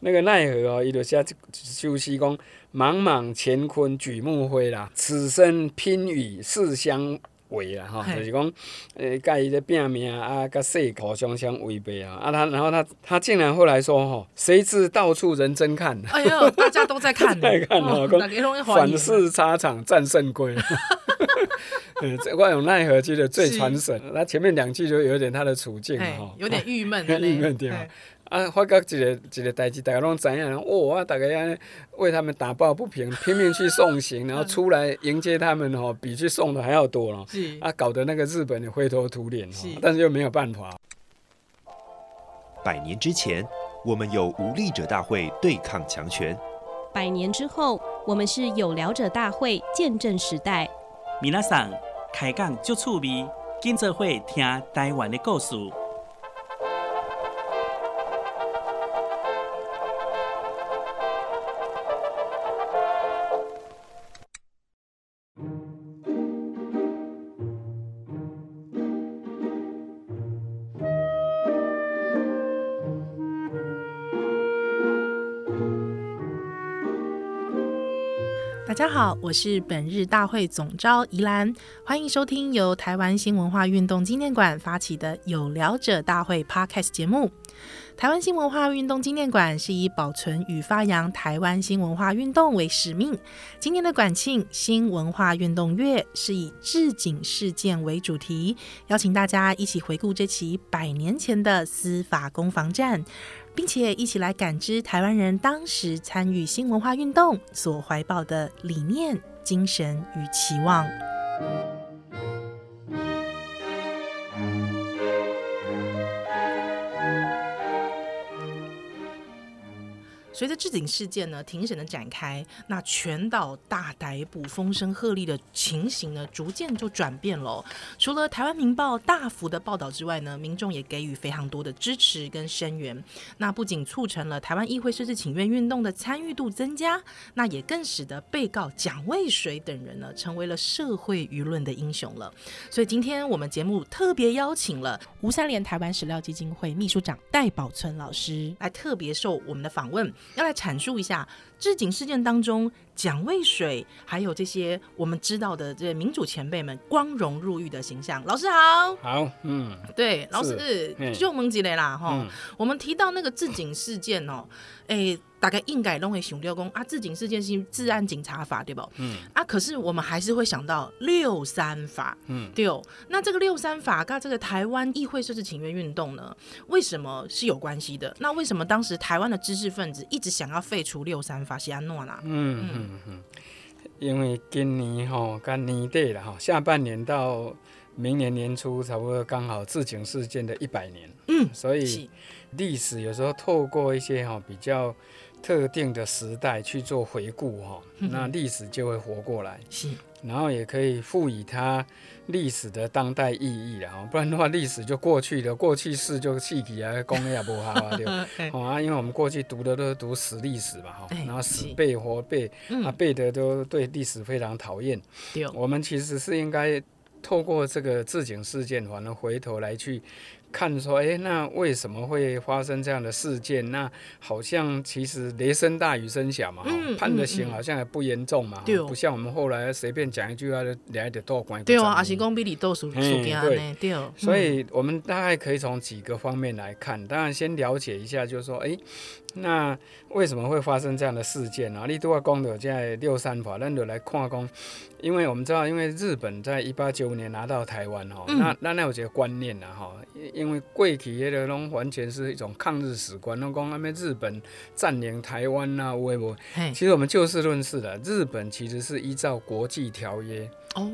那個奈何哦、喔，伊就是啊，就是講茫茫乾坤舉目灰啦，此生拼與世相違啦，哈，嘿就是講，呃、欸，甲伊這拼命啊，甲世途相相違背啊，啊，他然後他他竟然後來說哈，誰、喔、知到處人爭看？哎呦，大家都在看呢， 在看、喔、哦，說在啊、反似沙場戰勝歸，哈哈哈哈哈。這萬有奈何，記得最傳神。那是、啊、前面兩句就有點他的處境哈，有點鬱悶，鬱悶點。啊！發覺一個一個代誌，大家攏知影。然、哦、後、啊、大家為他們打抱不平，拼命去送行，然後出來迎接他們哦、喔，比去送的還要多嘍。喔、是啊，搞得那個日本也灰頭土臉、喔、是，但是又沒有辦法。百年之前，我們有無力者大會對抗強權；百年之後，我們是有聊者大會見證時代。米娜桑開講就趣味，緊著會聽台灣的故事。大家好，我是本日大會總召宜蘭，歡迎收聽由台灣新文化運動紀念館發起的有聊者大會 Podcast 節目。台灣新文化運動紀念館是以保存與發揚台灣新文化運動為使命。今年的館慶新文化運動月是以治警事件為主題，邀請大家一起回顧這起百年前的司法攻防戰。並且一起來感知台灣人當時參與新文化運動所懷抱的理念、精神與期望。隨着治警事件呢庭審的展開，那全島大逮捕、風聲鶴唳的情形呢，逐漸就轉變了哦。除了台灣《民報》大幅的報道之外呢，民眾也給予非常多的支持跟聲援。那不僅促成了台灣議會設置請願運動的參與度增加，那也更使得被告蔣渭水等人呢，成為了社會輿論的英雄了。所以今天我們節目特別邀請了吳三連台灣史料基金會秘書長戴寶村老師來特別受我們的訪問。要來闡述一下治警事件當中，蔣渭水，還有這些我們知道的這些民主前輩們光榮入獄的形象。老師好，好，嗯，對，是老師就蒙吉雷啦，哈、嗯。我們提到那個治警事件哦、喔，哎、欸，大家應該都會熊吊公啊。治警事件是治安警察法對吧？嗯。啊，可是我們還是會想到六三法，嗯對，那這個六三法跟這個台灣議會設置請願運動呢，為什麼是有關係的？那為什麼當時台灣的知識分子一直想要廢除六三法，是按怎呢？嗯嗯。嗯嗯哼，因為今年吼、哦，剛年底了哈，下半年到明年年初，差不多剛好治警事件的一百年。嗯，所以歷史有時候透過一些哈、哦、比較特定的時代去做回顧吼、哦，嗯、那歷史就會活過來。是，然後也可以賦予它。歷史的當代意義啊，不然的話，歷史就過去的，過去式就棄之而攻，也不好了。了 對、嗯，啊，因為我們過去讀的都是讀死歷史嘛，哈，然後死背活背，欸、啊，背的都對歷史非常討厭。嗯、我們其實是應該透過這個治警事件，反而回頭來去。看說，哎、欸，那為什麼會發生這樣的事件？那好像其實雷聲大雨聲小嘛，嗯、判的刑好像也不嚴重嘛，嗯嗯嗯、不像我們後來隨便講一句話就來一點倒管。對啊，阿信比你倒數數件呢。嗯、對，對嗯、所以我們大概可以從幾個方面來看，當然先了解一下，就是說，哎、欸，那。為什麼會發生這樣的事件啊？你都要講到這六三法，咱就來看講，因為我們知道，因為日本在一八九五年拿到台灣哈、嗯，那那那有幾個觀念吶哈，因為過去的攏完全是一種抗日史觀，攏講阿妹日本佔領台灣吶、啊，為不？嘿其實我們就事論事的，日本其實是依照國際條約哦，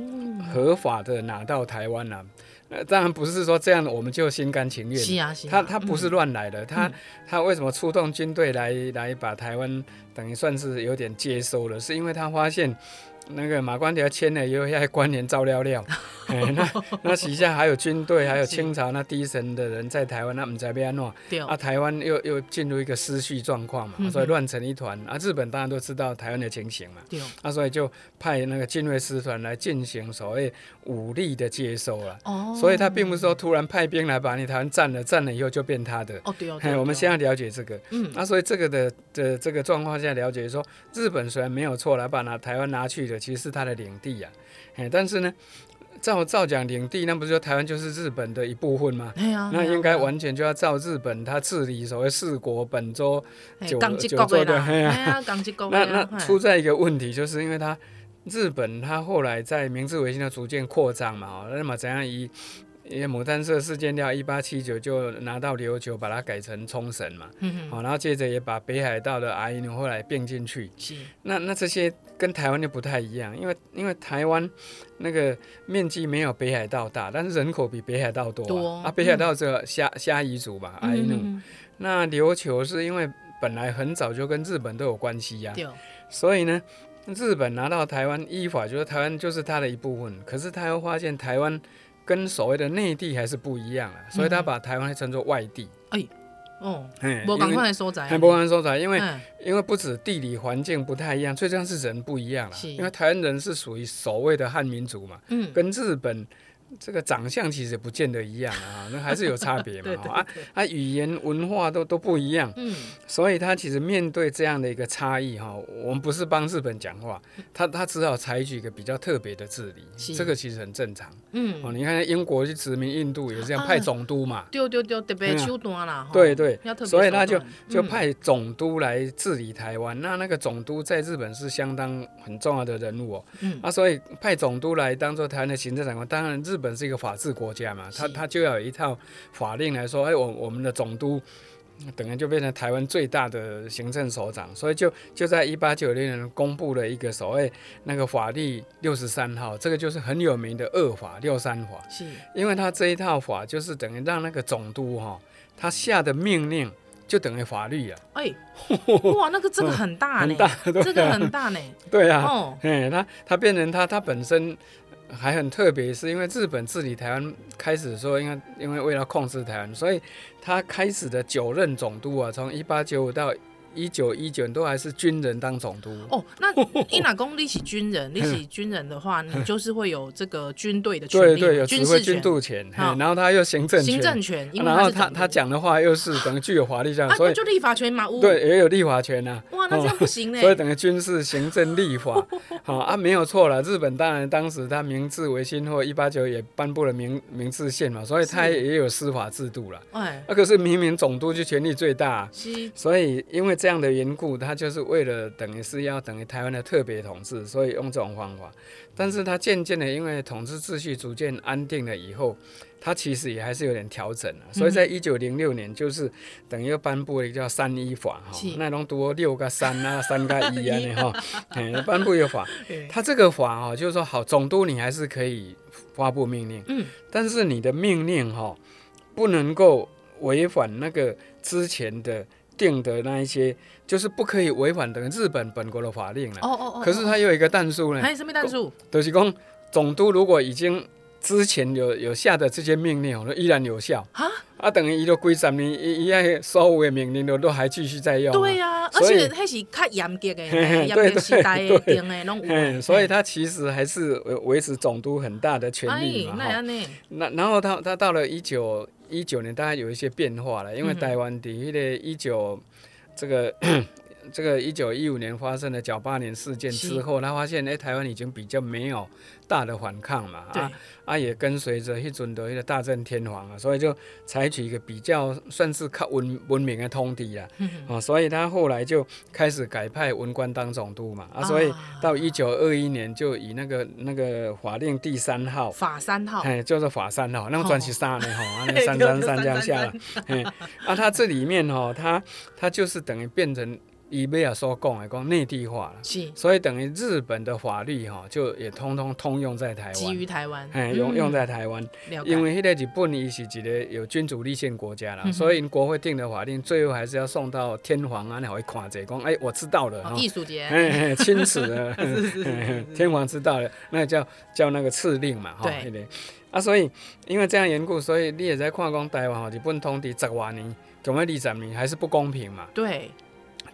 合法的拿到台灣吶、啊。呃，當然不是說這樣我們就心甘情願。是啊、是啊、他他不是亂來的，嗯、他他為什麼出動軍隊來來把台灣等於算是有點接收了？是因為他發現。那個馬關條約簽了以後，還關聯照料，料。料 那那旗下還有軍隊， 還有清朝那低層的人在台灣，那唔知被安喏，啊，台灣又又進入一個失序狀況嘛，對所以亂成一團。嗯、哼啊，日本當然都知道台灣的情形嘛，對啊，所以就派那個近衛師團來進行所謂武力的接收了，啊。哦，所以他並不是說突然派兵來把你台灣占了，占了以後就變他的。哦，對哦，我們先要了解這個，嗯，啊，所以這個的的這個狀況下了解說，日本雖然沒有錯來把那台灣拿去的。其實是他的領地呀、啊，哎，但是呢，照照講領地，那不是說台灣就是日本的一部分嗎？啊、那應該完全就要照日本他治理，所謂四國本州九、的九州、九州對不對？對呀，那那出在一個問題，就是因為他嘿日本他後來在明治維新的逐漸擴張嘛，哦，那麼怎樣以。因為牡丹社事件，到一八七九就拿到琉球，把它改成沖繩嘛。嗯好哼，然後接着也把北海道的阿伊努後來併進去。是。那那這些跟台灣就不太一樣，因為因為台灣那個面積沒有北海道大，但是人口比北海道多啊。哦、啊，北海道是蝦、嗯、蝦夷族吧，阿伊努。嗯、哼哼那琉球是因為本來很早就跟日本都有關係呀、啊。對所以呢，日本拿到台灣，依法就說台灣就是它的一部分。可是他又發現台灣。跟所謂的內地還是不一樣啊，所以他把台灣稱作外地。哎、嗯欸，哦，很不一樣的所在，還很不一樣的所在，因為、嗯、因為不止地理環境不太一樣，最重要是人不一樣啦。是因為台灣人是屬於所謂的漢民族嘛，嗯、跟日本。這個長相其實不見得一樣啊，那還是有差別嘛。 對對對啊,啊，語言文化都都不一樣。嗯，所以他其實面對這樣的一個差異哈、哦，我們不是幫日本講話，他他只好採取一個比較特別的治理，是這個其實很正常。嗯，哦，你看英國去殖民印度也是這樣，派總督嘛。啊、對對對，嗯、特別手段啦。哦、對對，所以他就就派總督來治理台灣。嗯、那那個總督在日本是相當很重要的人物、哦。嗯，那、啊、所以派總督來當做台灣的行政長官，當然日。本是一個法治國家嘛，他他是就要有一套法令來說，哎，欸，我我們的總督，等於就變成台灣最大的行政首長，所以就就在一八九零年公布了一個所謂那個法律六十三號，這個就是很有名的惡法六三法。法是，因為他這一套法就是等於讓那個總督哈，哦，他下的命令就等於法律了啊。哎，欸，哇，那個這個很大呢，這個，嗯、很大呢。對啊，他他，啊啊哦，變成他他本身。還很特別，是因為日本治理台灣開始的時候，因為因為為了控制台灣，所以他開始的九任總督啊，從一八九五到。一九一九都還是軍人當總督哦，那伊那公立起軍人，立起軍人的話，你就是會有這個軍隊的權力，對，有指揮軍隊權，然後他又行政行政權，然後他他講的話又是等於具有法律這樣，所以就立法權嘛，對，也有立法權啊。哇，那這樣不行嘞，所以等於軍事、行政、立法，好啊，沒有錯了。日本當然當時他明治維新後一八九也頒布了明明治憲法，所以他也有司法制度了，哎，那可是明明總督就權力最大，所以因為。這樣的緣故，他就是為了等於是要等於台灣的特別統治，所以用這種方法。但是他漸漸的，因為統治秩序逐漸安定了以後，他其實也還是有點調整了。所以在一九零六年，就是等於又頒布了一個叫《三一法》哈、嗯哼，那種多六個三啊，是三個一啊，你哈、 嗯，頒布一個法。他這個法啊，就是說好，總督你還是可以發布命令，嗯，但是你的命令哈、哦，不能夠違反那個之前的。定的那一些，就是不可以違反的，日本本國的法令了。Oh, oh, oh, oh. 可是他有一個但書呢，還有什麼但書？就是說，總督如果已經。之前有有下的這些命令哦，都依然有效蛤啊等於伊都幾十年，一一樣，所有的命令都都還繼續在用，啊。對呀，啊，以而且那是較嚴格的，嚴格、嗯、時代定嘅，攏嗯，嗯所以他其實還是維持總督很大的權力嘛。那那、哎、齁然後他他到了一九一九年，大概有一些變化了，因為台灣地區的一九這個。嗯哼這個這個一九一五年發生的九八年事件之後，是他發現哎、欸，台灣已經比較沒有大的反抗嘛，對啊啊也跟隨着一尊的一個大正天皇啊，所以就採取一個比較算是靠文文明的通敵了、啊，嗯、哼啊，所以他後來就開始改派文官當總督嘛，啊，啊，所以到一九二一年就以那個那個法令第三號法三號，哎，就是法三號，哦、那個傳奇三呢，哈、啊，三三三這樣下了，哎， 啊，他這裡面哦，他他就是等於變成。伊沒有說講誒，講內地化了，是所以等於日本的法律哈，就也通通通用在台灣，基於台灣，用、嗯嗯、用在台灣，解因為迄個日本伊是一個有君主立憲國家啦，嗯、哼所以國會定的法令，最後還是要送到天皇啊，才會看者講，哎、欸，我知道了，藝術節，哎、哦，親此了，天皇知道了，那叫叫那個敕令嘛，哈，對對，啊，所以因為這樣緣故，所以你也在看講台灣哦，日本統治十萬年，總共二十年還是不公平嘛，對。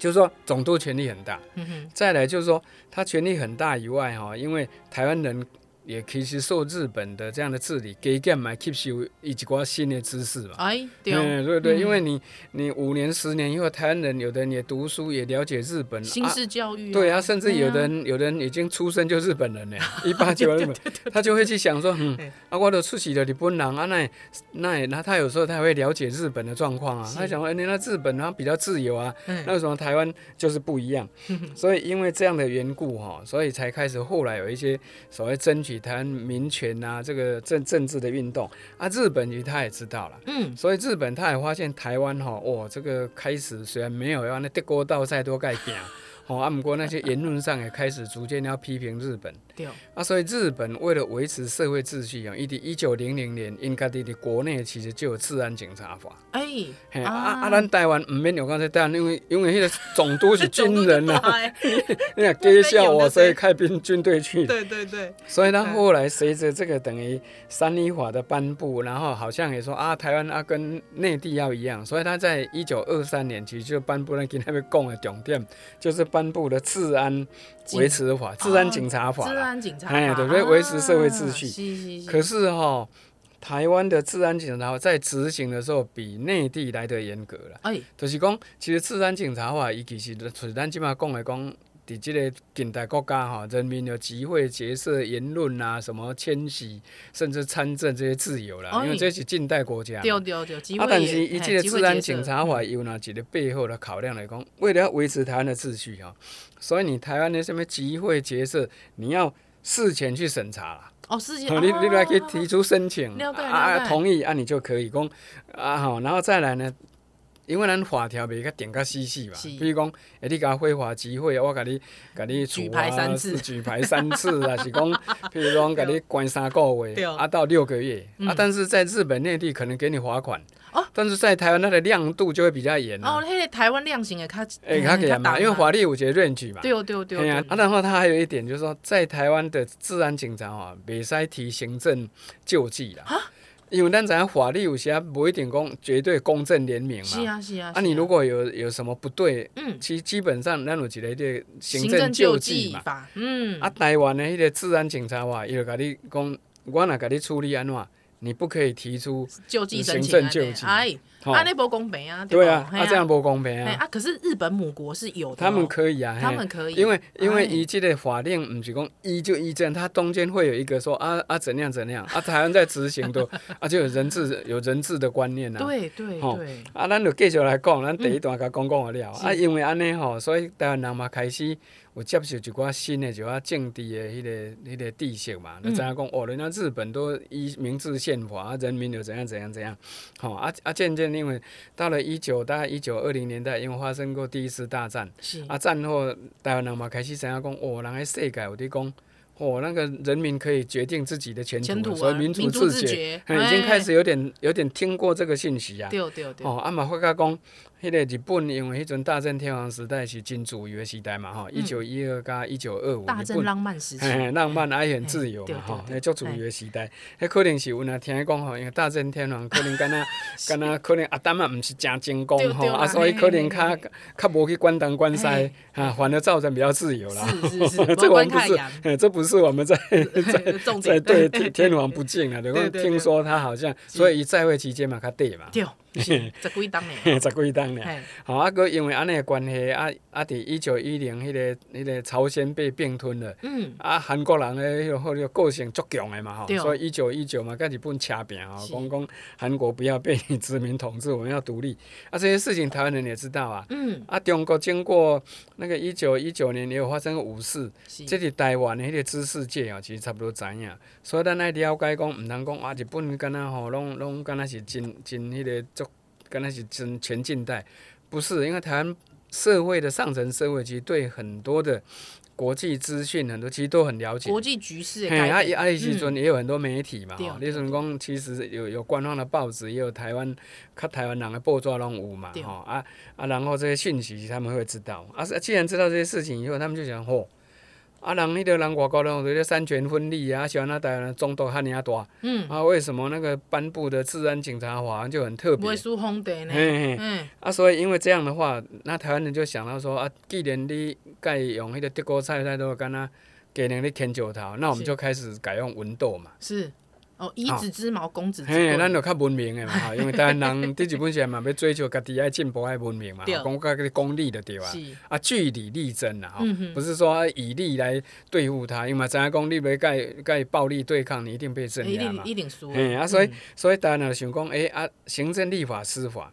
就是說，總督權力很大。嗯哼，再來就是說，他權力很大以外，哈，因為台灣人，也其實受日本的這樣的治理，多少也吸收一些新的知識嘛。哎，對、哦欸，對對，因為你你五年十年以後，台灣人有的人也讀書，也了解日本新式教育、啊啊。對啊，對啊甚至有的人，啊、有的人已經出生就日本人了。一八九二年，他就會去想說，嗯，哎、啊我都出席了日本人啊，那那那他有時候他會了解日本的狀況啊，是他想說，哎、欸，那日本啊比較自由啊，哎、那為什麼台灣就是不一樣。 所以因為這樣的緣故哈、哦，所以才開始後來有一些所謂爭取。談民權啊，這個政政治的運動啊，日本也他也知道了，嗯，所以日本他也發現台灣哈、哦，哇、哦，這個開始雖然沒有，要那德國道再多改建。 哦，阿、啊、不過那些言論上也開始逐漸要批評日本。 對啊，所以日本為了維持社會秩序啊、哦，一九一九零零年，應該的的國內其實就有治安警察法。哎，啊，啊，咱台灣唔免有剛才講，因為因為那個總督是軍人吶、啊， 欸、 你講該笑我所以開兵軍隊去。 對對對。所以他後來隨着這個等於三一法的頒布，然後好像也說啊，台灣啊跟內地要一樣，所以他在一九二三年其實就頒布了，跟他們講的重點就是頒頒布的治安維持法、警治安警察法，哎、哦，對，維持社會秩序。啊、可是哈、哦，台灣的治安警察法在執行的時候，比內地來得嚴格了。哎，就是講，其實治安警察法，尤其是、就是簡單，起講來講。以這個近代國家哈、啊，人民的集會、結社、言論啊，什麼遷徙，甚至參政這些自由了。因為這是近代國家。對對對，啊、但是，一切的治安警察法有哪幾個背後的考量來講？為了要維持台灣的秩序哈、啊，所以你台灣的什麼集會、結社，你要事前去審查了，哦，事前、啊、你你來去提出申請，了解了解啊同意啊，你就可以講啊好，然後再來呢？因為咱法條袂較定較死死嘛，比如講，哎，你甲非法集會，我甲你，甲你舉牌三次，舉牌三次啊，是講，譬如講，甲你關三個月，啊，到六個月，啊，但是在日本內地可能給你罰款，哦，但是在台灣它的量度就會比較嚴。哦，迄個台灣量刑誒，較，誒，較嚴嘛？因為法律有一個 range 嘛。對哦，對哦，對哦。啊，然後他還有一點就是說，在台灣的治安警察哦，袂使提行政救濟啦。因為咱知影法律有時啊，無一定講絕對公正廉明嘛。是啊，是啊，是啊。啊，你如果有有什麼不對，嗯，其基本上咱有一個這行政救濟嘛救。嗯。啊，台灣的迄個治安警察話，伊就甲你講，我若甲你處理安怎，你不可以提出行政救濟。救啊，那不公平啊！對啊，啊這樣不公平啊！啊，可是日本母國是有的，他們可以啊，他們可以，因為因為伊這個法令毋是講伊就伊，這樣，它中間會有一個說啊啊怎樣怎樣，啊台灣在執行的，啊就有人治有人治的觀念啊。對對對。啊，咱就繼續來講，咱第一段甲講講完了，啊因為安尼吼，所以台灣人嘛開始。有接受一寡新的、一寡政治的迄、那個、迄、那個知識嘛，就知影講，嗯、哦，人家日本都以明治憲法、啊，人民又怎樣怎樣怎樣？吼、哦，啊啊！漸漸因為到了一九大概一九二零年代，因為發生過第一次大戰，是啊，戰後台灣人嘛開始知影講，哦，人還世界，有滴講，哦，那個人民可以決定自己的前途，啊、所以民，民族自決已經開始有點有點聽過這個信息啊。對對對哦，啊說，嘛，發覺講。迄個日本，因為迄陣大正天皇時代是真自由誒時代嘛吼，一九一二加一九二五，大正浪漫時期，浪漫而且自由嘛吼，嘿，足自由誒時代。迄可能是有那聽講吼，因為大正天皇可能敢若敢若可能啊，擔嘛，毋是真精工吼，啊，所以可能較較無去關東關西啊，反而造成比較自由啦。是是是，這我們不是，這不是我們在在對天皇不敬啊！對，聽說他好像所以伊在位期間嘛，較短嘛。是，十幾冬嘞。 十幾冬嘞。嘿，吼，啊，佫因為安尼誒關係，啊，啊，佇一九一零迄個迄、那個朝鮮被併吞了。嗯。啊，韓國人誒迄號叫個性足強誒嘛吼，哦、所以一九一九嘛，甲日本車拼吼，講講韓國不要被殖民統治，我們要獨立。啊，即些事情台灣人也知道啊。嗯。啊，中國經過那個一九一九年也有發生五四，即個是台灣誒迄個知識界吼，其實差不多知影。所以咱愛了解講，毋通講啊，日本敢若吼，攏攏敢若是真真迄、那個足。跟那些真前近代，不是，因為台灣社會的上層社會其實對很多的國際資訊，很多其實都很了解。國際局勢。那時陣也有很多媒體嘛，吼、嗯，那齁其實有有官方的報紙，也有台灣較台灣人的報紙攏有嘛，吼對、啊，啊啊，然後這些訊息他們會知道，啊，既然知道這些事情以後，他們就想，嚯、哦。啊，人迄個人外國人有在三權分立啊，像、啊、咱台灣人中道哈爾大，嗯、啊為什麼那個頒布的《治安警察法》就很特別？未輸皇帝呢。嗯、欸欸、嗯。啊，所以因為這樣的話，那台灣人就想到說啊，既然你改用迄個德國菜那都敢若盡量去遷就頭，是那我們就開始改用文鬥嘛。是。哦，以子之矛攻子之盾、哦。咱就較文明的嘛， 因為大家人在日本時要追求家己愛進步愛文明嘛，講這理就對了是啊，啊據理力爭、嗯、哼不是說以力來對付他，因為咱個公理不會跟跟暴力對抗，你一定被鎮壓嘛、欸欸啊，所以、嗯、所以大家呢想講，哎、欸、啊，行政、立法、司法。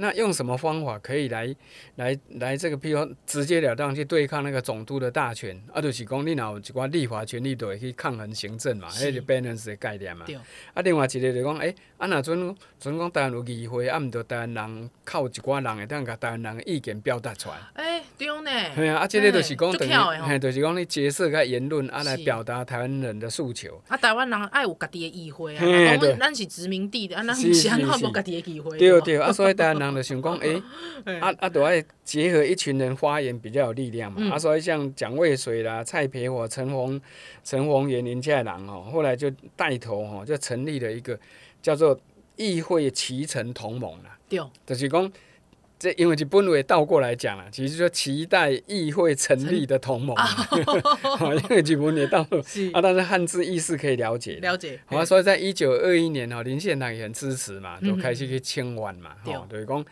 那用什麼方法可以來、來、來這個譬如說直截了當去對抗那個總督的大權？啊，就是講你若有一個立法權力會去抗衡行政嘛？是那是 balance 的概念嘛。對啊，另外一個就是講，哎、欸。啊，那陣，陣講台灣有議會，啊，毋着台灣人靠一寡人會當甲台灣人誒意見表達出來。哎，對呢。嘿啊，啊，這個就是講，就是講你角色個言論啊來表達台灣人的訴求。啊，台灣人愛有家己誒議會啊，我們咱是殖民地的，啊，咱是，很看慕家己誒議會。對對，啊，所以台灣人就想講，哎，啊啊，著愛結合一群人發言比較有力量嘛。啊，所以像蔣渭水啦、蔡培火、陳紅，陳逢源、這些人哦，後來就帶頭吼，就成立了一個。叫做議會期成同盟啦，對，就是講，這因為是日本倒過來講啦，就是說期待議會成立的同盟，啊、 因為日本也是本位倒過啊，但是漢字意思可以了解。了解。好啊、對所以說，在一九二一年吼、喔，林獻堂也很支持嘛，就開始去請願嘛，嗯、哼對，就是講，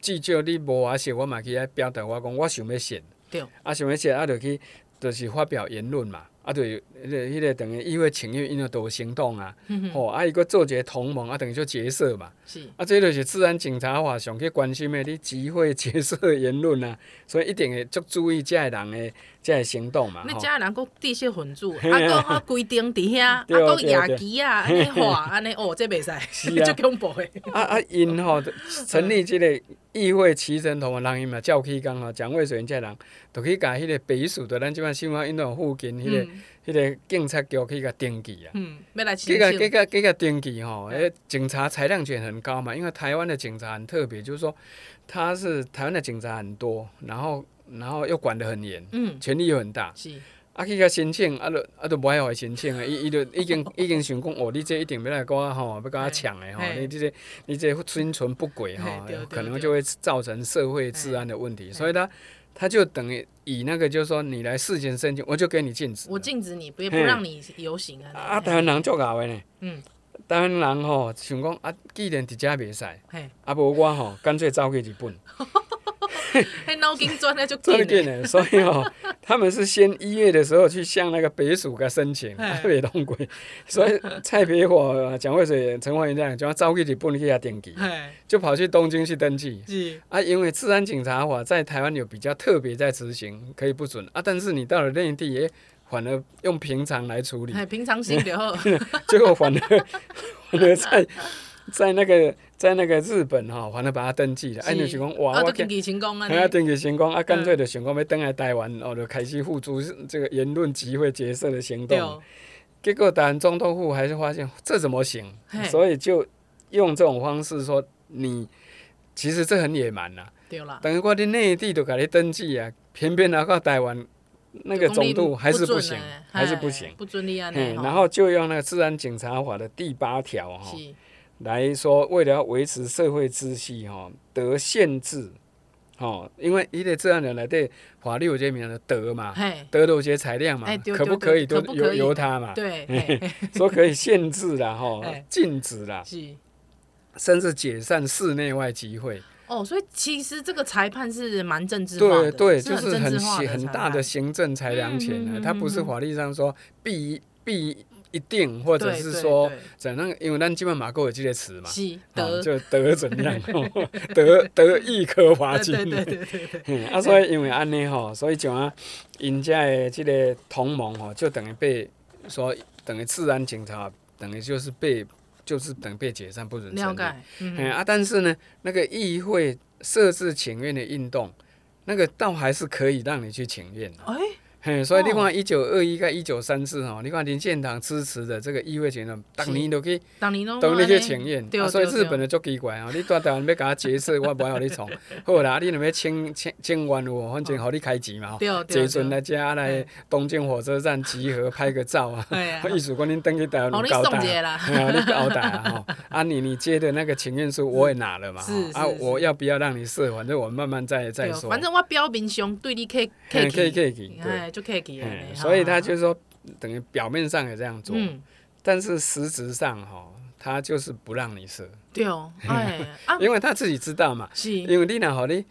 至少你無話寫，我嘛去遐表達我講，我想要信，對，啊，想要信，啊，就去，就是發表言論嘛。啊，著迄個迄個等於議會請願因都有行動啊，吼，啊，伊閣做一個同盟啊，等於叫結社嘛。是。啊，這著是治安警察法，上去關心的，你集會結社言論啊，所以一定會足注意遮下人誒，遮下行動嘛。你遮下人閣地勢混住，啊，閣規定佇遐，啊，閣夜騎啊，安尼吼，安尼，哦，這袂使，足恐怖誒。啊啊，因吼，成立即個議會期成同盟，人因嘛照起工吼，蔣渭水這下人。著去甲迄個別墅，在咱即款新聞醫院附近，迄個、迄個警察局去甲登記啊。嗯。要來去甲、去甲、去甲登記吼。迄個警察裁量權很高嘛，因為台灣的警察很特別，就是說他是台灣的警察很多，然後然後又管得很嚴。嗯。權力又很大。是。啊去甲申請啊，著啊著無愛互申請啊，伊伊著已經已經想講，哦，你這一定要來甲我吼，要甲我搶的吼，你這些你這些心存不軌吼，可能就會造成社會治安的問題，所以他。他就等於以那個，就是說，你來事先申請，我就給你禁止。我禁止你，不也不讓你遊行啊。嘿啊，台灣人足 𠢕 呢？嗯，台灣人吼、哦、想講啊，既嘿、啊、然佇遮袂使，啊無我吼乾脆走去日本。 還腦筋轉呢，就所以哦，他們是先一月的時候去向那個北署個申請，特別東貴，所以蔡培火、蔣渭水、陳委員長就照去日本去啊登記，就跑去東京去登記。 啊，因為治安警察法在台灣有比較特別在執行，可以不准啊，但是你到了內地也反而用平常來處理， 平常心後， 最後反的 在那個在那個日本哈，反正把它登記了，哎，你想講哇，我登記成功啊！登記成功啊，乾脆就想講要登下台灣，哦，就開始付諸這個言論集會結社的行動。結果，但總督府還是發現這怎麼行？所以就用這種方式說，你其實這很野蠻吶。對啦。等於我佇內地都給你登記啊，偏偏拿到台灣那個總督還是不行，還是不行。不准你啊！然後就用那個《治安警察法》的第八條哈。來說，為了要維持社會秩序，哈，得限制，哈，因為一類這樣的人來對法律有些名的德嘛，哎，德有些裁量嘛，可不可以都由由他嘛？對，說可以限制了，哈，禁止了，是，甚至解散室內外集會。哦，所以其實這個裁判是蠻政治化的，對，就是很很大的行政裁量權啊，他不是法律上說必必。一定，或者是說怎樣？對對對，因為咱基本馬夠有這些詞嘛，就得怎樣， 得 得易科罰金。啊，所以因為安尼哈，所以就啊，人家的這個同盟哈，就等於被說等於治安警察，等於就是被就是等於被解散，不准存在。哎、嗯嗯嗯、啊，但是呢，那個議會設置請願的運動，那個倒還是可以讓你去請願的、啊。欸嘿，所以你看一九二一到一九三四吼，你看林獻堂支持的這個議會團，逐年都去，逐年都都那些請願，所以日本的足奇怪哦，你到台灣要甲我結社，我無愛讓你創，好啦，你若要請請請願哦，反正互你開錢嘛，對對對，坐船來遮來東京火車站集合拍個照啊，意思講你等於在搞大，你搞大吼，啊你你接的那個請願書我也拿了嘛，啊我要不要讓你試，反正我慢慢再再說，反正我表面上對你客客氣，對。所以他就是說，等於表面上也這樣做，但是實質上哈，他就是不讓你設。對哦，哎，因為他自己知道嘛，是因為你那好哩，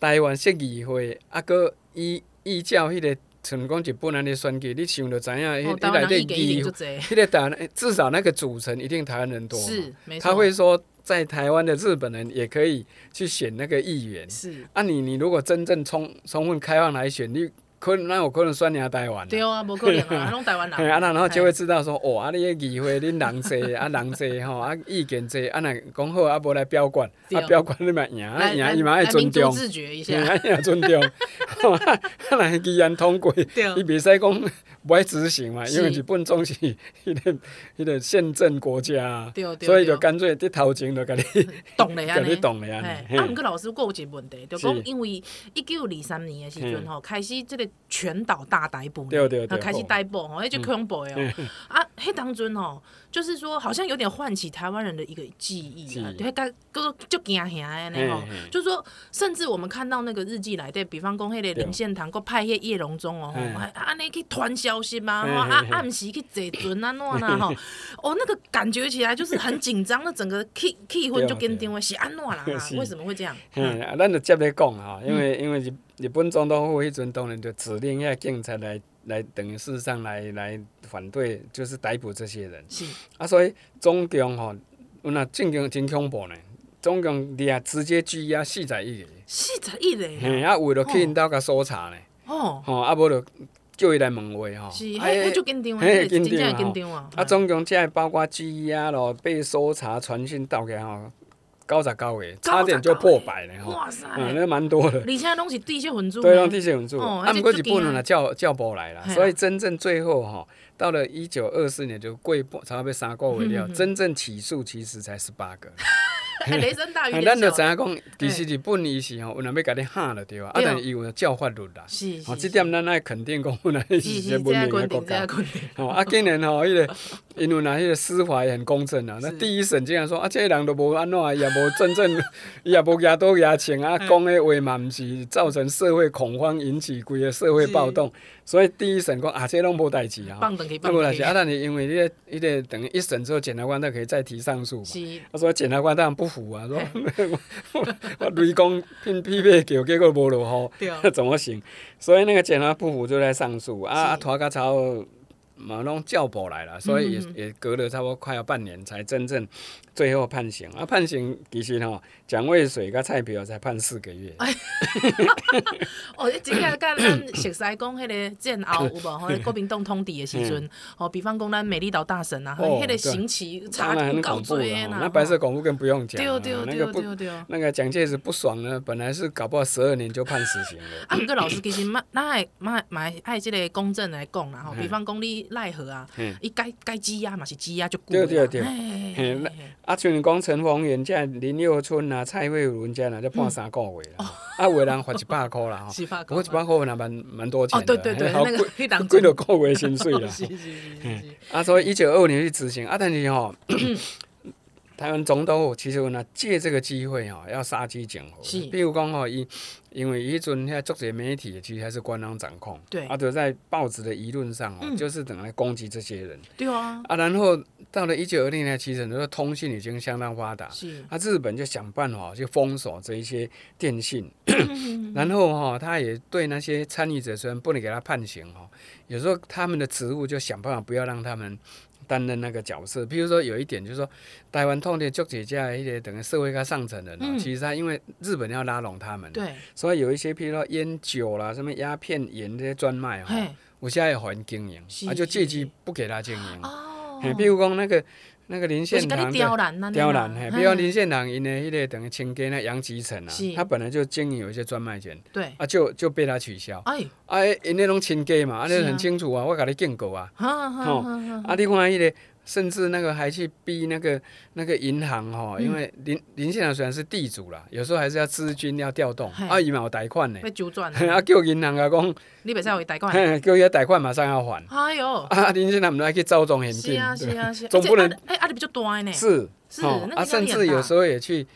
台灣設議會，啊，哥依依照迄個成功就不能你選舉，你想的怎樣？你來定議會，迄個當然至少那個組成一定台灣人多。是，他會說，在台灣的日本人也可以去選那個議員。是，啊，你你如果真正充充分開放來選，你。可能咱有可能選贏台灣？對啊，無可能啊，攏台灣人。嘿，啊，然後就會知道說，哦，啊，你迄議會恁人儕，啊，人儕吼，啊，意見儕，啊，那講好啊，無來表決，啊，表決你嘛贏，啊，贏伊嘛愛尊重。自覺一下。啊，贏尊重，啊，來議員通過，伊袂使講唔愛執行嘛，因為日本總是迄個迄個憲政國家，對對。所以就乾脆佇頭前，就甲你，甲你動嘞啊。嘿，啊，毋過老師閣有一問題，就講因為一九二三年誒時陣吼，開始即個。全島大逮捕，然後開始逮捕吼，那就恐怖哦、喔。嗯、啊， 那當陣吼。就是說，好像有點喚起台灣人的一個記憶啊。對，個就驚嚇的，那就是說，甚至我們看到那個日記內底，對，比方講，迄個林獻堂，佫派迄葉榮鐘哦，還安尼去傳消息嘛，啊按時去坐船啊，哪哪吼，哦，那個感覺起來就是很緊張，那整個氣氣氛就緊張，是安哪啦？哈，為什麼會這樣？嗯，啊，咱就接咧講啊，因為因為日日本總督府迄陣當然就指令下警察來。來等於事實上來來反對，就是逮捕這些人。是啊，所以總共吼，那晉江真恐怖呢。總共也直接拘押四十一，個。四十一個、啊。嘿，啊，為了去因家甲搜查呢。哦。吼、啊，啊，無就叫伊來問話吼。是嘿。哎，你緊張啊！嘿，緊張啊！啊，總共才係包括拘押咯，被搜查、傳訊、到家吼。九十九個差點就破百了吼，嗯，那蠻多的。而且攏是地下分子，對，攏地下分子，啊，不過日本啊，叫叫不來了，所以真正最後哈，到了一九二四年就過半，差不多三個月了，真正起訴其實才十八個。哎，雷聲大雨點小。咱就知影講，其實日本伊是吼，有人要甲你嚇了對啊，啊，但是伊有叫法律啦，是是，哦，這點咱愛肯定講，伊是文明的國家。哦，啊，今年吼，伊個。因為吶，迄個司法也很公正啊！那第一審竟然說啊，即個人都無安怎，伊也無真正，伊 也無舉刀舉槍啊，講誒話嘛，毋是造成社會恐慌，引起規個社會暴動。是所以第一審講啊，即個攏無代志啊。啊無代志啊，但是因為迄個迄個等於一審之後，檢察官才可以再提上訴。嘛。是。所以檢察官當然不服啊，說， 我雷說，我雷公拼屁屁叫結果無落雨，那對怎麼行？所以那個檢察官不服就，就來上訴啊，阿拖加超。啊嘛，攏叫不來了，所以也也隔了差不多快要半年，才真正。最後判刑啊！判刑其實吼，蔣渭水佮蔡培火才判四個月。哦，你個戰後有無？國民黨通敵的時陣，比方講咱美麗島大審啊，天那白色恐怖更不用講。對哦，對哦，對哦，那個蔣介石不爽呢，本來是搞不好十二年就判死刑了。啊，個老師其實蠻，咱愛即個公正來講啦吼。比方講你奈何啊？嗯。伊改羈押嘛是羈押就過了。對對啊，像你講陳逢源、即林幼春啊，蔡惠如，即吶，才判三個月啦。啊，有人罰一百塊啦，不過一百塊也蠻蠻多錢的，還貴幾多個月薪水啦。啊，所以一九二五年去執行，啊，但是吼。台灣總統其實他借這個機會哈、喔，要殺雞儆猴。是，比如講哈、喔，伊因為伊陣遐作者媒體其實還是官方掌控。對。啊，就在報紙的輿論上哦、喔，嗯、就是等來攻擊這些人。對啊。啊，然後到了一九二零年，其實很多通信已經相當發達。是。啊，日本就想辦法去封鎖這一些電信。嗯。 然後哈、喔，他也對那些參與者雖然不能給他判刑哈、喔，有時候他們的職務就想辦法不要讓他們。擔任那個角色，譬如說有一點就是說，臺灣通天交際家一些等於社會上上層人、喔嗯、其實他因為日本要拉攏他們，對、嗯，所以有一些譬如說菸酒啦、什麼鴉片、鹽這些專賣哈、喔，我現在還經營，他是、啊、就借機不給他經營哦，譬如說那個。那個林獻堂，刁難、啊那個，比如說林獻堂，因呢迄個等於親家那楊吉成啊，嘿 他本來就經營有一些專賣權，對啊，啊就就被他取消，哎、啊因伊那種親家嘛，啊，伊很清楚啊，我甲你見過啊，吼，啊，啊你看伊、那個。甚至那個還去逼那個那個銀行哈，因為林林獻堂雖然是地主啦，有時候還是要資金要調動，嗯、啊，羽有貸款呢，啊，叫銀行啊講，你別再有貸款，叫伊貸款馬上要還，哎呦，啊，林獻堂唔來去籌措現金，啊是啊是啊，是啊總不能哎，阿、啊欸啊、你比較呆呢，是是，啊，甚至有時候也去。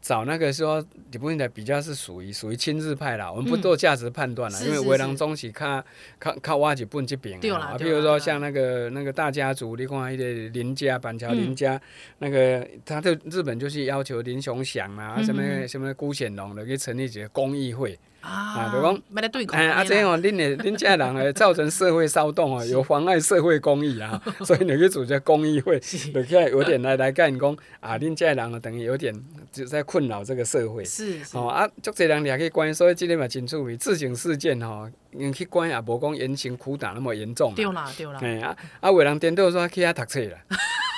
找那個說，日本的比較是屬於屬於親日派啦。我們不做價值判斷啦，嗯、是是是因為為人總是靠靠靠挖日本這邊啊。譬如說像那個那個大家族，你看那個林家、板橋林家，嗯、那個他對日本就是要求林熊祥啊，嗯、什麼什麼辜顯榮的，去成立一個公益會。啊，就講，啊、對哎，啊，這個、哦，恁的恁這人會造成社會騷動吼、哦， 是有妨礙社會公益啊，所以你去組織公益會， 就起來有點來來講，講啊，恁這人哦，等於有點就說困擾這個社會。吼是、哦、啊，足多人掠去關，所以即個嘛真趣味。治警事件吼、哦，人去關也無講嚴刑苦打那麼嚴重對。對啦對、哎啊啊啊、啦。哎啊啊，有誒人顛倒說去遐讀冊啦。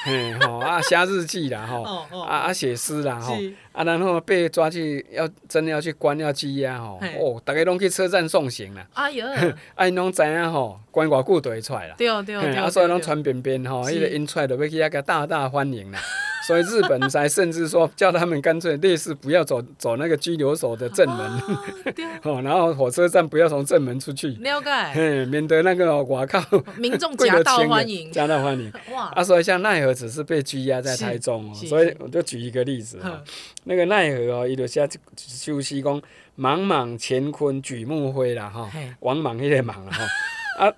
嘿，吼 啊，寫日記啦，吼啊 啊，寫、啊、詩啦，吼是啊，然後被抓去，要真的要去關要羈押，吼，哦，逐個攏去車站送行啦。哎、呀 啊喲！因攏知影吼，關偌久都會出來啦。對對對啊，所以攏穿便便吼，伊、喔那個因出來著要去遐甲大大歡迎啦。是 所以日本才甚至說叫他們乾脆烈士不要走走那個拘留所的正門，哦，然後火車站不要從正門出去，了解，免得那個外口民眾夾道歡迎，夾道歡迎哇！啊，所以像奈何只是被拘押在台中哦，所以我就舉一個例子哈，那個奈何哦，伊下寫休息工，莽莽乾坤舉目非啦哈，王莽那個莽哈，啊，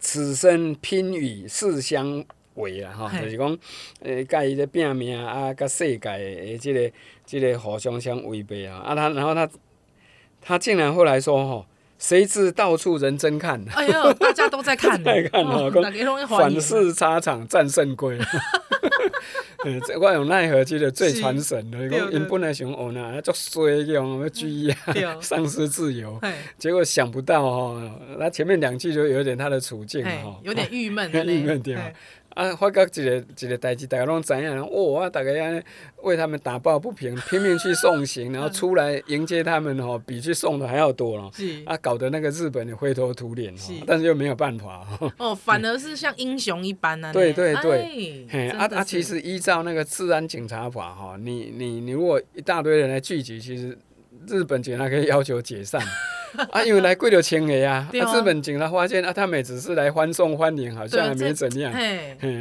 此身拼與世相。話啊，吼，就是講，呃，甲伊咧拼命，啊，甲世界的即個即個互相相違背啊。啊，他然後他，他竟然後來說吼，誰知到處人真看？哎呦，大家都在看呢。在看哦。反世沙場戰勝歸」，呃，我用奈何，即個最傳神的，伊講，日本的上惡吶，足衰去，用要拘役啊，喪失自由。結果想不到吼，那前面兩句就有點他的處境了哈。有點鬱悶。鬱悶掉。啊，發覺一個一個代誌，大家都知影。我、哦、大家安尼，為他們打抱不平，拼命去送行，然後出來迎接他們哦，比去送的還要多嘍。 是啊，搞得那個日本的灰頭土臉哦，是但是又沒有辦法哦。反而是像英雄一般呢。對對對，嘿、哎，對啊啊，其實依照那個治安警察法哈，你你你如果一大堆人來聚集，其實日本警察可以要求解散。 啊，又來貴了錢個呀，啊，日、啊啊、本警察發現啊，他們只是來歡送歡迎，好像還沒怎樣，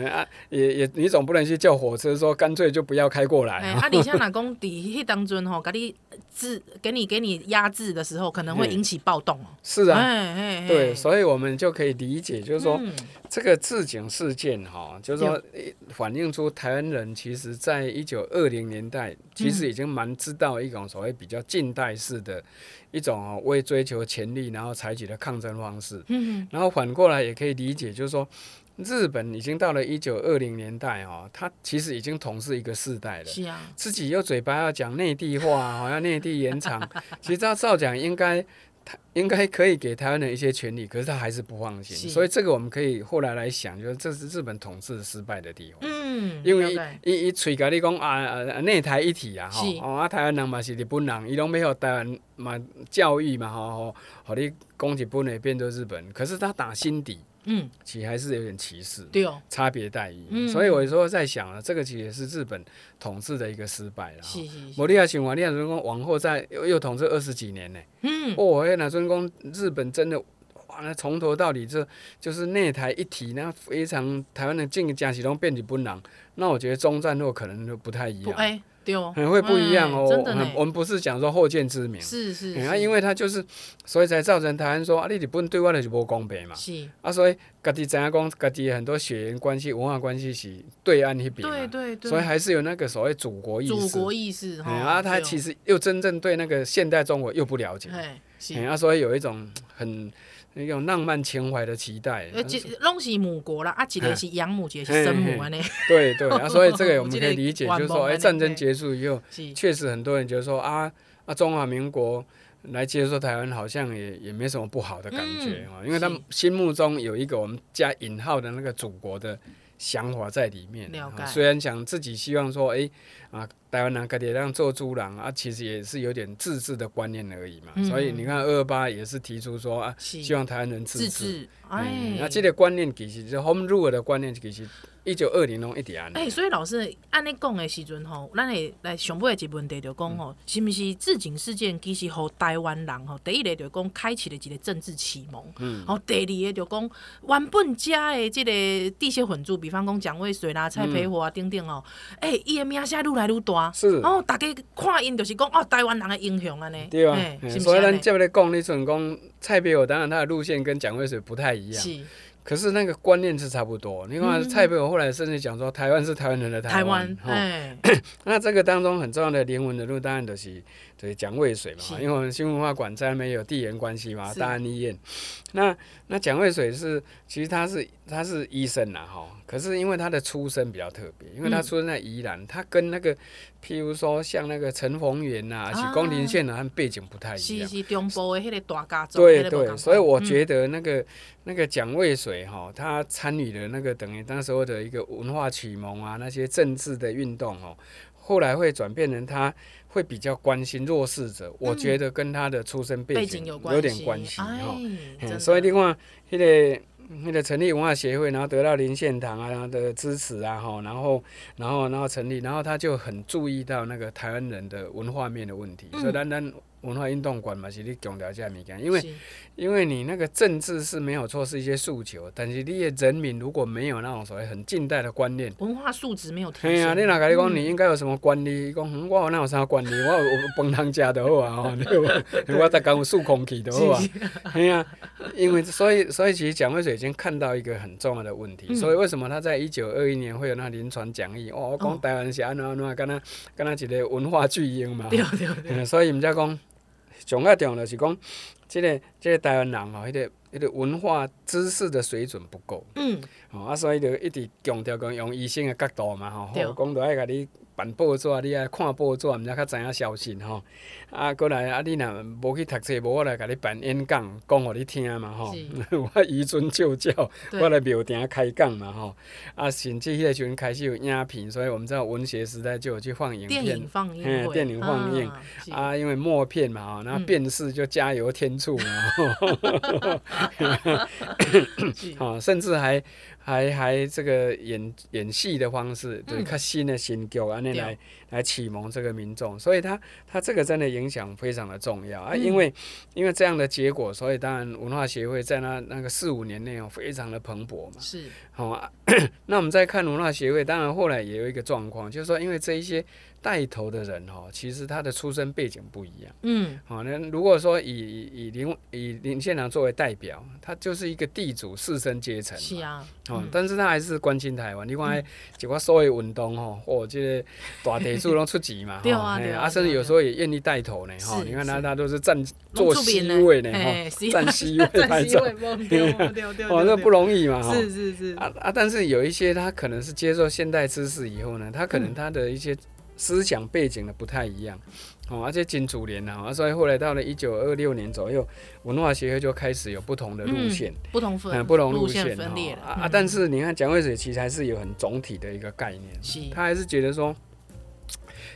啊，也也，你總不能去叫火車說乾脆就不要開過來啊，啊，李先生呵、啊、來講在迄當中吼，甲、 哦、你。制給你給你壓制的時候，可能會引起暴動哦、嗯。是啊，嘿嘿嘿對，所以我們就可以理解，就是說、嗯、這個治警事件哈、哦，就是說反映出台灣人其實在一九二零年代，嗯、其實已經蠻知道一種所謂比較近代式的一種、哦、為追求權利，然後採取的抗爭方式。嗯，然後反過來也可以理解，就是說。日本已經到了一九二零年代哦，他其實已經統治一個世代了。是啊，自己又嘴巴要講內地話，好像內地延長。其實他照講，應該他應該可以給台灣人一些權利，可是他還是不放心。是所以這個我們可以後來來想，就是這是日本統治失敗的地方。嗯，因為一，一嘴甲你講啊啊內台一體啊，哦，是啊台灣人嘛是日本人，伊攏要讓台灣嘛教育嘛吼好，好，你攻擊不能變做日本。可是他打心底。嗯，其實還是有點歧視，對哦，差別待遇。嗯，所以我有時候在想啊，這個其實是日本統治的一個失敗了。是是是。摩利亞親王、利皇尊工，往後再又統治二十幾年呢、欸。嗯。哇、哦，天皇中國日本真的，哇，那從頭到尾這就是內臺一體，那非常台灣的精英其實都變日本人。那我覺得中戰後可能就不太一樣。對很會不一樣哦，我們不是講說後見之明，是是、是、嗯，啊、因為他就是，所以才造成台灣說啊，你你不能對外的就是不公平嘛，是啊，所以各地怎樣講，各地很多血緣關係、文化關係是對岸那邊，對、對對，所以還是有那個所謂祖國意識、祖國意識，嗯、啊，他其實又真正對那個現代中國又不了解，對是嗯、啊，所以有一種很。一種浪漫情懷的期待，其實攏是母國啦，啊，幾的是養母，幾、哎、是生母安尼。嘿嘿樣對對、 啊，所以這個我們可以理解就是說，哎，戰爭結束以後，嗯、確實很多人覺得說啊啊，中華民國來接收台灣，好像也也沒什麼不好的感覺、嗯、因為他們心目中有一個我們加引號的那個祖國的。想法在裡面，解啊、雖然講自己希望說，哎、欸、啊，台灣人可以地方做豬郎啊，其實也是有點自治的觀念而已嘛。嗯、所以你看，二二八也是提出說啊，是希望台灣人自治。哎、啊欸嗯，那這個觀念其實就 home rule 的觀念其實。一九二零年一點。哎、欸，所以老師，安尼講的時陣吼，咱會來上尾一問題就，就講吼，是毋是，治警事件其實予台灣人吼，第一個就講開啟了一個政治啟蒙，嗯，吼第二個就講原本家的這個知識分子，比方講蔣渭水啦、蔡培火啊等等哦，哎、嗯，伊、喔欸、的名聲越來越大，是哦、喔，大家看因就是講哦、喔，台灣人的英雄安尼，對啊，欸、是是，所以咱接來講，你陣講蔡培火，當然他的路線跟蔣渭水不太一樣。是可是那個觀念是差不多，另外蔡培火後來甚至講說台灣是台灣人的台灣，那這個當中很重要的靈魂人物當然都是就是、蔣渭水嘛，是因為我們新文化館在那邊有地緣關係嘛，大安醫院。那那蔣渭水是其實他是他是醫生吶，哈。可是因為他的出身比較特別，因為他出生在宜蘭，嗯、他跟那個，譬如說像那個陳逢源吶、且桂林先的，他背景不太一樣。是是，中部的迄個大家族。對，對對，所以我覺得那個、嗯、那個蔣渭水哈、喔，他參與的那個等於那時候的一個文化啟蒙啊，那些政治的運動哦、喔，後來會轉變成他會比較關心弱勢者。嗯、我覺得跟他的出生背景有關，有點關係哈。所以的話，迄個。那個成立文化協會，然後得到林獻堂啊然後的支持啊，吼，然後，然後，然後成立，然後他就很注意到那個台灣人的文化面的問題，所以，單單。文化運動館嘛，是你強調一下物件，因為因為你那個政治是沒有錯，是一些訴求，但是你的人民如果沒有那種所謂很近代的觀念，文化素質沒有提升。哎呀，你若甲你講，你應該有什麼觀念？講我那有啥觀念？我有幫人家的，我我再講我數控起的，對吧？哎，因為所以所以其實蔣渭水已經看到一個很重要的問題，所以為什麼他在一九二一年會有那臨床講義？哇，我講台灣是安怎安怎，敢若敢若一個文化巨嬰嘛？所以毋則講。上個重要就是講、這個，即個即個台灣人吼、喔，迄、那個迄、那個文化知識的水準不夠，嗯，吼啊，所以就一直強調講用醫生的角度嘛吼，講在甲你。辦報紙，你愛看報紙，毋則較知影消息吼。啊，過來啊，你若無去讀冊，無我來甲你辦演講，講互你聽嘛吼。哦、是 我移樽就教，對我來廟埕開講嘛吼、哦。啊，甚至迄個時陣開始有影片，所以我們知道文學時代就有去放，電放映電影放映。電影放映啊，因為默片嘛吼，那辯士就加油添醋嘛。吼，甚至還。還還這個演演戲的方式，對，嗯、比較新的新劇按呢來對來啟蒙這個民眾，所以他他這個真的影響非常的重要、嗯、啊，因為因為這樣的結果，所以當然文化協會在那那個四五年內哦，非常的蓬勃嘛，是好啊咳咳。那我們再看文化協會，當然後來也有一個狀況，就是說因為這一些。帶頭的人哈，其實他的出身背景不一樣。嗯，好，那如果說以以林以林獻堂作為代表，他就是一個地主士紳階層嘛，是啊，哦，但是他還是關心台灣。你看，就我所謂文東哈，哦，這大地主攏出錢嘛，對啊，啊，甚至有時候也願意帶頭呢，哈。是是是。你看他，他都是站坐席位呢，哈，站席位，站席位，對，哦，那不容易嘛，是是是。啊啊，但是有一些他可能是接受現代知識以後呢，他可能他的一些。思想背景呢，不太一樣，哦，而、啊、且金主年呢、啊，所以後來到了一九二六年左右，文化協會就開始有不同的路線，嗯、不同、嗯、不同路線啊！但是你看蔣渭水其實還是有很總體的一個概念，嗯啊、他還是覺得說。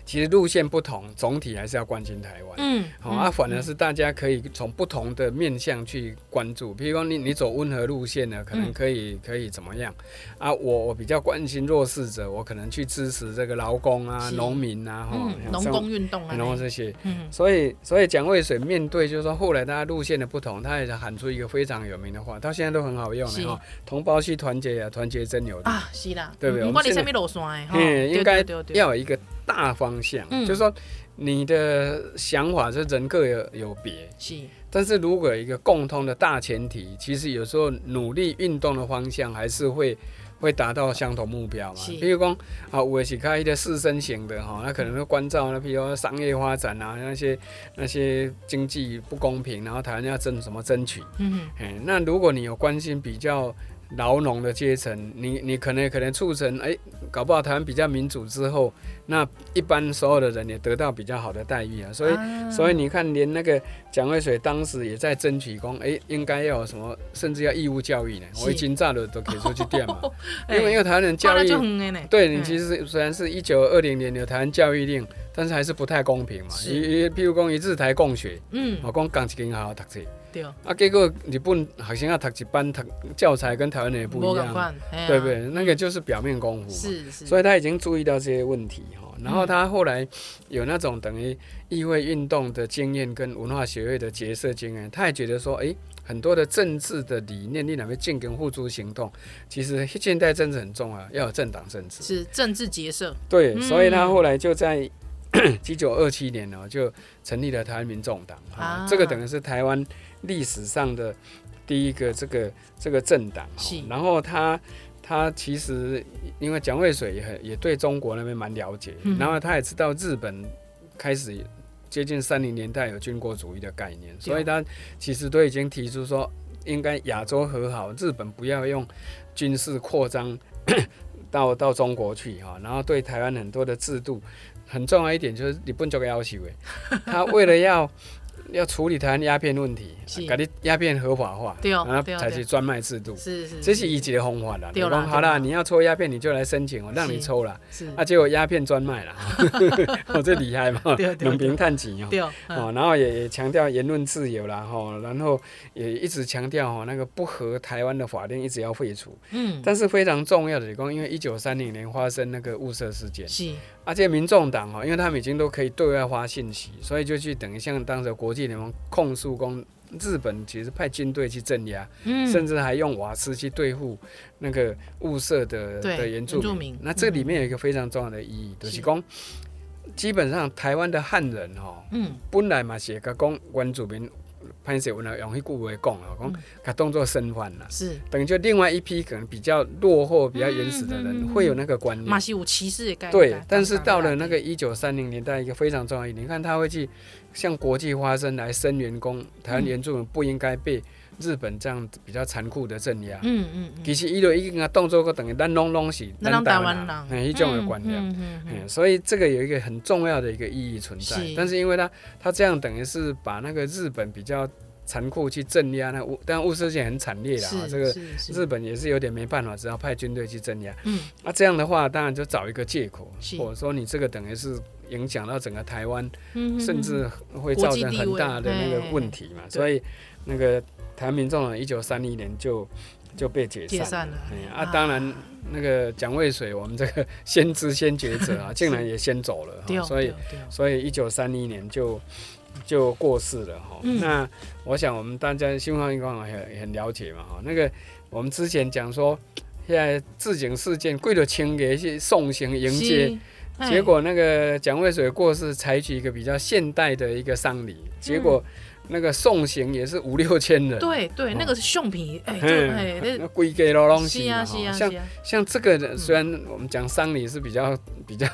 其實路線不同，總體還是要關心台灣。嗯，好啊，反而是大家可以從不同的面向去關注。譬如說，你你走溫和路線的，可能可以可以怎麼樣？啊，我我比較關心弱勢者，我可能去支持這個勞工啊、農民啊，哈，農工運動啊，然後這些。嗯，所以所以蔣渭水面對就是說後來大家路線的不同，他也喊出一個非常有名的話，到現在都很好用的哈。同胞去團結呀，團結真有啊，是啦，對不對？不管你什麼路線的哈，嗯，應該要有一個。大方向，嗯、就是說，你的想法是人各有有別，是。但是如果一個共通的大前提，其實有時候努力運動的方向還是會會達到相同目標嘛。是譬如說啊，我是開一個四身型的哈、哦，那可能關照，那譬如說商業發展啊，那些那些經濟不公平，然後台灣要爭什麼爭取，嗯哼那如果你有關心比較。勞農的階層，你你可能可能促成，哎、欸，搞不好台灣比較民主之後，那一般所有的人也得到比較好的待遇啊。所以、嗯、所以你看，連那個蔣渭水當時也在爭取說，哎、欸，應該要什麼，甚至要義務教育呢？是我已經炸了都可以說去念嘛。哦、因為、欸、因為台灣人教育，對你其實雖然是一九二零年的台灣教育令，但是還是不太公平嘛。你是譬如說一日台共學，嗯，我講更進好好讀書。對啊，結果日本好像要讀一般讀教材跟台灣人也不一樣，對不對？那個就是表面功夫嘛是。是是。所以他已經注意到這些問題哈，然後他後來有那種等於議會運動的經驗跟文化協會的結社經驗，他也覺得說，哎，很多的政治的理念你兩位盡跟付諸行動，其實現代政治很重要，要有政黨政治。是政治結社。對，所以他後來就在一九二七年哦，就成立了台灣民眾黨。啊，這個等於是台灣。歷史上的第一個這個這個政黨，是然後他他其實因為蔣渭水也很也對中國那邊蠻了解，嗯、哼然後他也知道日本開始接近三零年代有軍國主義的概念，所以他其實都已經提出說應該亞洲和好，日本不要用軍事擴張 到到中國去哈，然後對台灣很多的制度很重要一點就是日本很要求耶 他為了要。要處理台灣鴉片問題，把你鴉片合法化，然後採取專賣制度，這是一級的方法啦。好了，你要抽鴉片，你就來申請，我讓你抽了，那結果鴉片專賣了。我最厲害嘛，對平探井哦。然後也也強調言論自由啦，哈，然後也一直強調哈那個不合台灣的法令，一直要廢除。嗯，但是非常重要的，講因為一九三零年發生那個霧社事件。而且、啊、民眾黨哦，因為他們已經都可以對外發信息，所以就去等於像當時國際聯盟控訴，講日本其實派軍隊去鎮壓，嗯、甚至還用瓦斯去對付那個霧社的對的原住民。那這裡面有一個非常重要的意義，嗯、就是講是基本上台灣的漢人哦，嗯，本來嘛是個講原住潘先生，用那句話講啊，講他動作生緩了。是，等於就另外一批可能比較落後，比較原始的人，會有那個觀念。馬戲舞歧視也該。對，但是到了那個一九三零年代，一個非常重要的一點，嗯、你看他會去向國際發聲來聲援工，台灣原住民不應該被。日本這樣比較殘酷的鎮壓，嗯嗯，其實一路一個動作，過，等於咱攏攏是咱台灣人，嗯，迄、嗯、種的觀念、嗯，嗯，嗯，嗯，嗯，所以這個有一個很重要的一個意義存在，是，但是因為他他這樣等於是把那個日本比較殘酷去鎮壓，那霧但霧社線，很慘烈啊是、喔，這個日本也是有點沒辦法，只要派軍隊去鎮壓，那、啊、這樣的話當然就找一個借口，是或者說你這個等於是影響到整個台灣，嗯嗯嗯、甚至會造成很大的那個問題嘛，嘿嘿嘿所以那個。台灣民眾黨一九三一年就就被解散了。哎呀，對啊，當然那個蔣渭水，我們這個先知先覺者啊， 竟然也先走了，對， 所以 所以一九三一年就就過世了哈。嗯、那我想我們大家新聞聯播很很了解嘛哈。那個我們之前講說，現在治警事件，桂卓清也是送行迎接，結果那個蔣渭水過世，採取一個比較現代的一個喪禮，結果、嗯。那個送行也是五六千的，對對，那個是送皮哎，對那貴給老東西。啊像像這個，雖然我們講喪禮是比較比較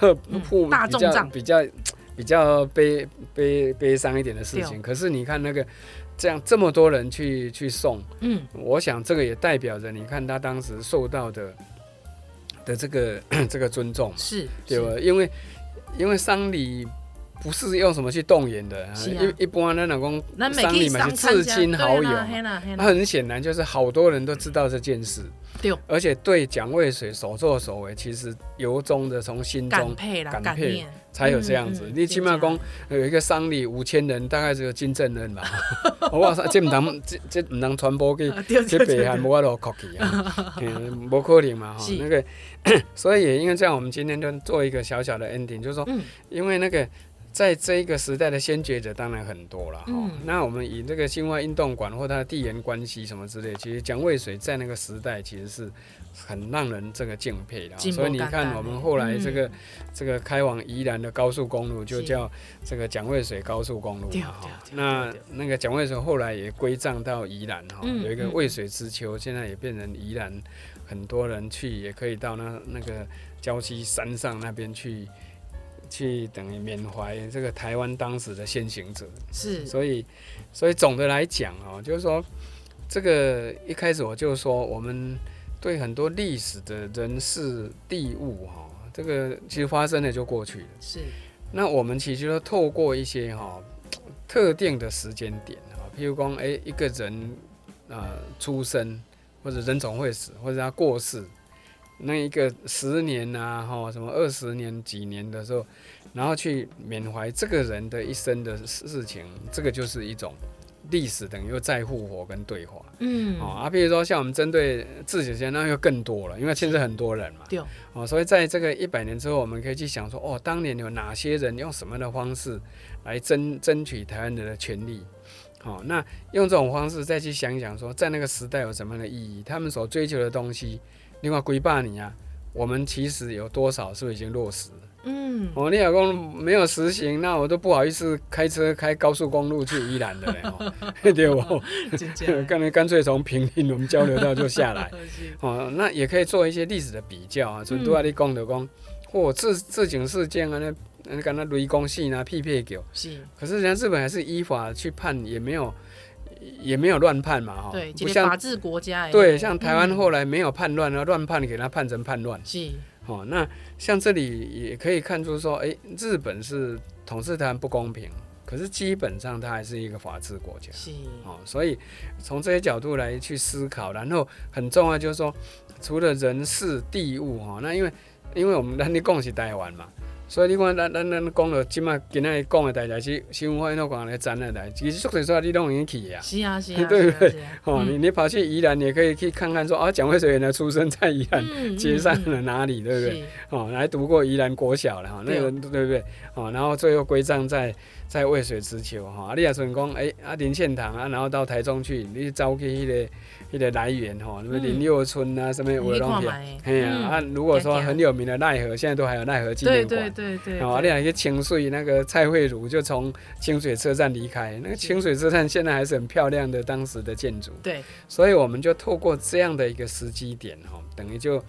鋪大眾葬比較比較悲悲悲傷一點的事情，可是你看那個這樣這麼多人去去送，嗯，我想這個也代表着你看他當時受到的的這個這個尊重，是對吧？因為因為喪禮。不是用什麼去動員的，一一般那老公喪禮嘛是至親好友，那很顯然就是好多人都知道這件事，而且對蔣渭水所作所為，其實由衷的從心中感佩才有這樣子。你起碼講有一個喪禮五千人，大概只有金正恩吧，我哇塞，這不能這這不能傳播給給北韓無法度 copy 啊，無可能嘛哈，那個，所以也因為這樣，我們今天就做一個小小的 ending，就是說，因為那個。在這一個時代的先覺者當然很多了哈。嗯、那我們以這個新外運動館或它的地緣關係什麼之類，其實蔣渭水在那個時代其實是很讓人這個敬佩的。所以你看，我們後來這個、嗯、這個開往宜蘭的高速公路就叫這個蔣渭水高速公路是那那個蔣渭水後來也歸葬到宜蘭哈，嗯、有一個渭水之丘，現在也變成宜蘭很多人去也可以到那那個礁溪山上那邊去。去等於緬懷這個台灣當時的先行者，是，所以，所以總的來講哦、喔，就是說，這個一開始我就說，我們對很多歷史的人事地物哈、喔，這個其實發生了就過去了，是。那我們其實說透過一些哈、喔、特定的時間點啊、喔，譬如說誒一個人啊、呃、出生，或者人總會死，或者他過世。那一個十年啊，吼，什麼二十年、幾年的時候，然後去緬懷這個人的一生的事情，這個就是一種歷史，等於又在復活跟對話。嗯，哦啊，比如說像我們針對自己決先，那就更多了，因為現在很多人嘛。對。哦，所以在這個一百年之後，我們可以去想說，哦，當年有哪些人用什麼的方式來爭爭取台灣人的權利？好、哦，那用這種方式再去想一想說，說在那個時代有什麼樣的意義？他們所追求的東西。另外，規劃你啊，我們其實有多少是不是已經落實了？嗯，我、哦、你如果說沒有實行，那我都不好意思開車開高速公路去宜蘭的嘞、 哦，對我幹、哦、 脆乾脆從坪林我們交流道就下來。 是哦，那也可以做一些歷史的比較啊，從多阿里講到講，或、嗯哦、治治警事件啊，那那敢那雷公戲啊，屁屁狗。是。可是人家日本還是依法去判，也沒有。也沒有亂判嘛，哈對，不像法治國家。對，像台灣後來沒有叛亂，亂判給他判成叛亂。是，哦，那像這裡也可以看出說，哎、欸，日本是統治台灣不公平，可是基本上它還是一個法治國家。是，哦，所以從這些角度來去思考，然後很重要就是說，除了人事地物，哈、哦，那因為因為我們當你共喜台灣嘛。所以你看，咱咱咱講了即啊，啊啊啊今仔日講的大概是新文化運動講的展覽台。其實說來說，你攏已經去啊，是啊是啊、欸，對不對？吼、啊，啊哦嗯、你你跑去宜蘭，也可以去看看說啊，蔣渭水原來出生在宜蘭，接、嗯嗯嗯、上了哪裡，對不對？吼是、哦，來讀過宜蘭國小了吼、哦，那個對，對不對？吼、哦，然後最後歸葬在，在渭水之丘哈，你也算講哎，啊林獻堂啊，然後到台中去，你找去那個那個來源哈，嗯、什麼林幼春啊，嗯、什麼臥龍片，哎呀，如果說很有名的賴和，嗯、賴和現在都還有賴和紀念館。對對對對，對。啊，你講去清水那個蔡惠如就從清水車站離開，那個清水車站現在還是很漂亮的當時的建築。是對。所以我們就透過這樣的一個時機點哈、喔，等於就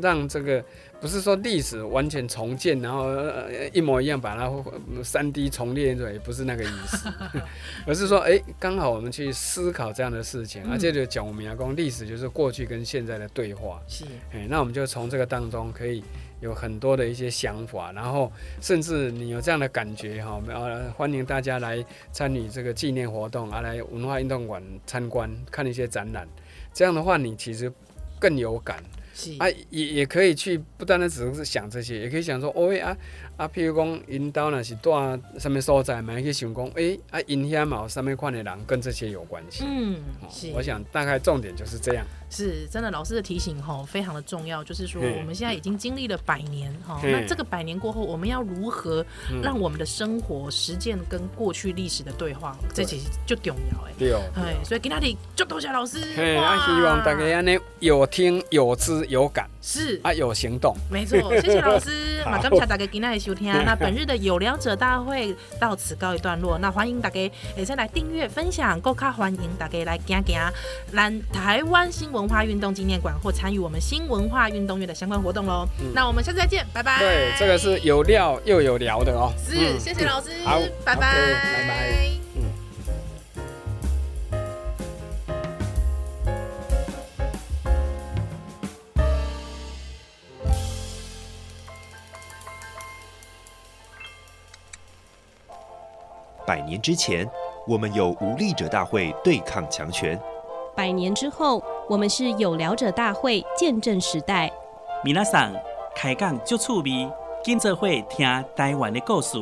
讓這個。不是說歷史完全重建，然後一模一樣把它三 D 重列出來，也不是那個意思， 而是說，哎、欸，剛好我們去思考這樣的事情，嗯、而且就講我們研究歷史，就是過去跟現在的對話。是，哎、欸，那我們就從這個當中可以有很多的一些想法，然後甚至你有這樣的感覺哈，呃、哦，歡迎大家來參與這個紀念活動，而、啊、來文化運動館參觀看一些展覽，這樣的話你其實更有感。是啊，也也可以去不單單只是想這些，也可以想說，哦喂啊、欸、啊，譬如講引導是住在什麼所在，蠻去想講，誒、欸，啊影響嘛，有什麼樣的人跟這些有關係。嗯，是、哦，我想大概重點就是這樣。是真的，老師的提醒哈非常的重要，就是說我們現在已經經歷了百年哈，那這個百年過後，我們要如何讓我們的生活實踐跟過去歷史的對話，這其實最重要哎。對哦，哎，所以今天就多謝老師。哎，希望大家安有聽有知有感，是啊，有行動。沒錯，謝謝老師。好，感謝大家今天收聽。那本日的有聊者大會到此告一段落，那歡迎大家，而且來訂閱分享，更卡歡迎大家來聽聽南台灣新聞。文化運動紀念館，或參與我們新文化運動月的相關活動嘍。嗯、那我們下次再見，拜拜。對，這個是有料又有聊的哦。是，謝謝老師。嗯、好，拜拜。好，拜拜，拜拜、嗯。百年之前，我們有無力者大會對抗強權。百年之後，我們是有聊者大會見證時代。明阿桑開講就趣味，今澤會聽臺灣的故事。